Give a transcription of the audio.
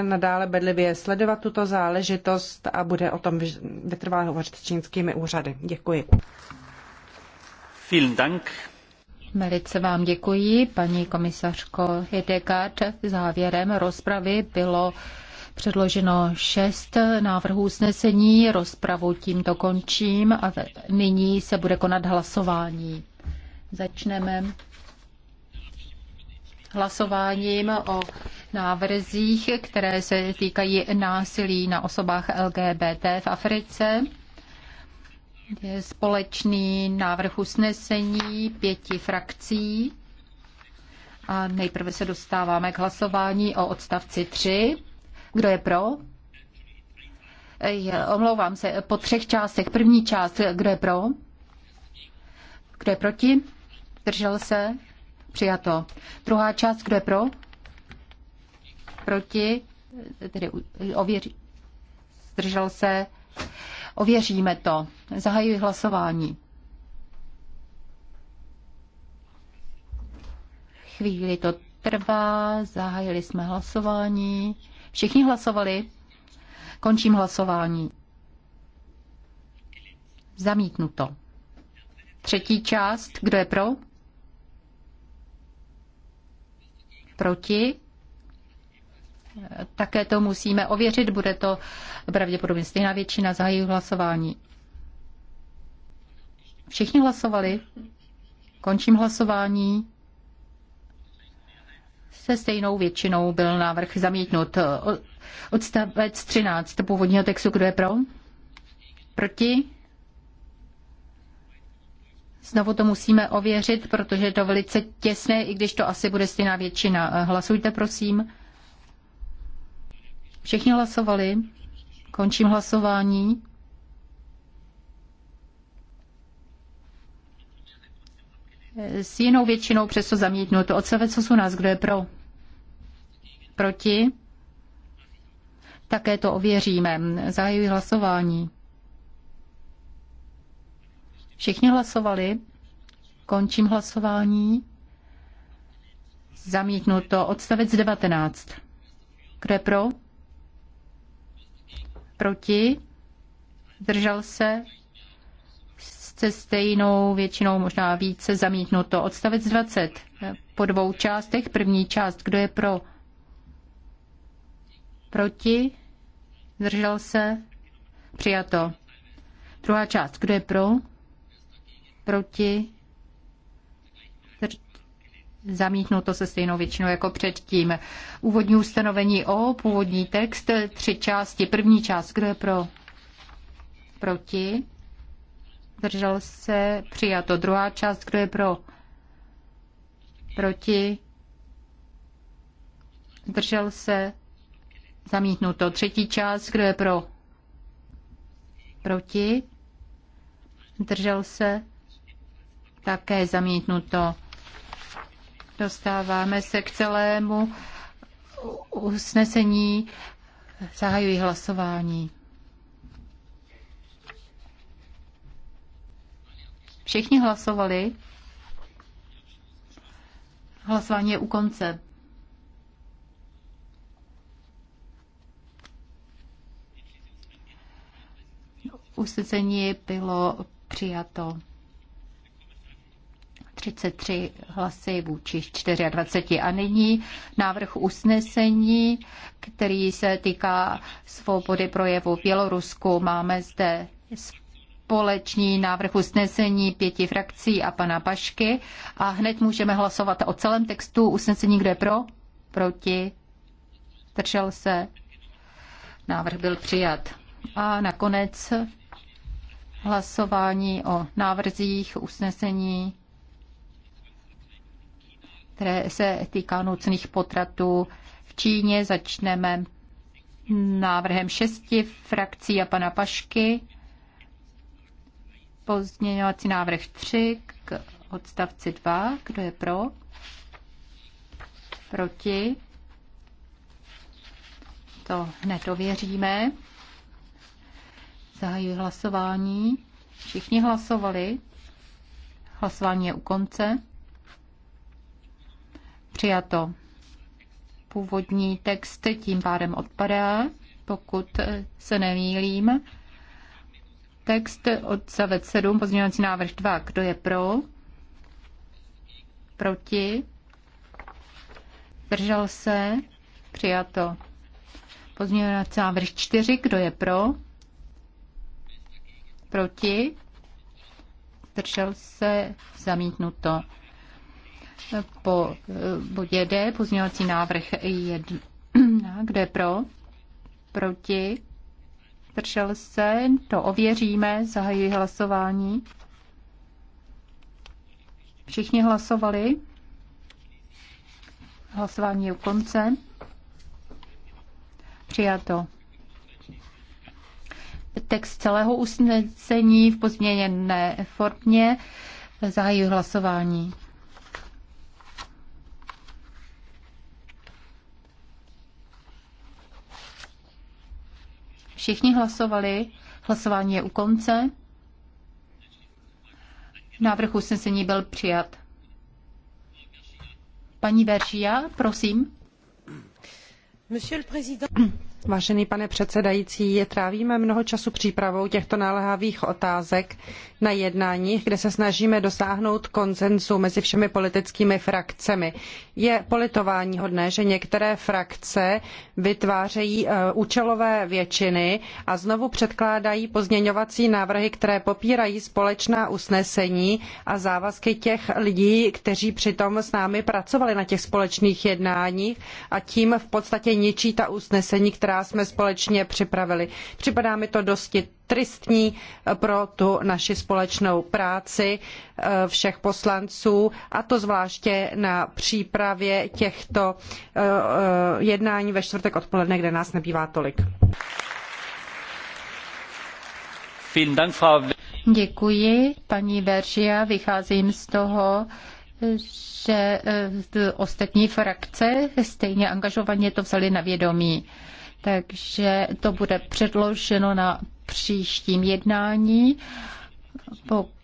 nadále bedlivě sledovat tuto záležitost a bude o tom vytrvalé hovořit s čínskými úřady. Děkuji. Vielen Dank. Velice vám děkuji, paní komisařko Hidegard. Závěrem rozpravy bylo předloženo šest návrhů usnesení. Rozpravu tímto končím a nyní se bude konat hlasování. Začneme hlasováním o návrzích, které se týkají násilí na osobách LGBT v Africe. Je společný návrh usnesení pěti frakcí. A nejprve se dostáváme k hlasování o odstavci 3. Kdo je pro? Omlouvám se, po třech částech. První část, kdo je pro? Kdo je proti? Držel se? Přijato. Druhá část, kdo je pro? proti, tedy ověří, zdržel se, ověříme to. Zahajuji hlasování. Chvíli to trvá, zahájili jsme hlasování. Všichni hlasovali. Končím hlasování. Zamítnuto. Třetí část. Kdo je pro? Proti? Také to musíme ověřit, bude to pravděpodobně stejná většina zahájí hlasování. Všichni hlasovali? Končím hlasování. Se stejnou většinou byl návrh zamítnut. Odstavec 13 původního textu, kdo je pro? Proti? Znovu to musíme ověřit, protože je to velice těsné, i když to asi bude stejná většina. Hlasujte, prosím. Všichni hlasovali. Končím hlasování. S jinou většinou přesto zamítnuto. jsou nás, Kdo je pro? Proti? Také to ověříme. Zahajuji hlasování. Všichni hlasovali. Končím hlasování. Zamítnuto. Odstavec 19. Kdo je pro? proti, zdržel se se stejnou většinou, možná více, zamítnuto. Odstavec 20 po dvou částech. První část, kdo je pro? Proti? Zdržel se? Přijato. Druhá část, kdo je pro? Proti? zamítnuto se stejnou většinou jako předtím. Úvodní ustanovení O, původní text, tři části. První část, kdo je pro? Proti? Zdržel se? Přijato. Druhá část, kdo je pro? Proti? Zdržel se? Zamítnuto. Třetí část, kdo je pro? Proti? Zdržel se? Také zamítnuto. Dostáváme se k celému usnesení. Zahajuji hlasování. Všichni hlasovali. Hlasování je u konce. Usnesení bylo přijato. 33 hlasy vůči 24. A nyní návrh usnesení, který se týká svobody projevu v Bělorusku. Máme zde společný návrh usnesení pěti frakcí a pana Pašky a hned můžeme hlasovat o celém textu usnesení, kde pro, proti, držel se. Návrh byl přijat. A nakonec hlasování o návrzích usnesení které se týká nucených potratů. V Číně začneme návrhem šesti frakcí a pana Pašky. Pozměňovací návrh tři k odstavci dva Kdo je pro? Proti? To ověříme. Zahajuji hlasování. Všichni hlasovali. Hlasování je u konce. Přijato. Původní text tím pádem odpadá, pokud se nemýlím. Text odstavec 7, pozměňovací návrh 2. Kdo je pro? Proti? Držel se? Přijato. Pozměňovací návrh 4. Kdo je pro? Proti? Držel se? Zamítnuto po eh, bodě D, pozměňovací návrh 1, kde pro, proti, držel se, to ověříme, zahajuji hlasování. Všichni hlasovali. Hlasování je u konce. Přijato. Text celého usnesení v pozměněné formě. Zahajuji hlasování. Všichni hlasovali. Hlasování je u konce. Návrh usnesení byl přijat. Paní Veržia, prosím. Monsieur le président. Vážený pane předsedající, trávíme mnoho času přípravou těchto naléhavých otázek na jednáních, kde se snažíme dosáhnout konsenzu mezi všemi politickými frakcemi. Je politováníhodné, že některé frakce vytvářejí eh, účelové většiny a znovu předkládají pozměňovací návrhy, které popírají společná usnesení a závazky těch lidí, kteří přitom s námi pracovali na těch společných jednáních a tím v podstatě ničí ta usnesení, která která jsme společně připravili. Připadá mi to dosti tristní pro tu naši společnou práci eh, všech poslanců a to zvláště na přípravě těchto eh, eh, jednání ve čtvrtek odpoledne, kde nás nebývá tolik. Děkuji, paní Veržia. Vycházím z toho, že ostatní frakce stejně angažovaně to vzali na vědomí takže to bude předloženo na příštím jednání. Pokud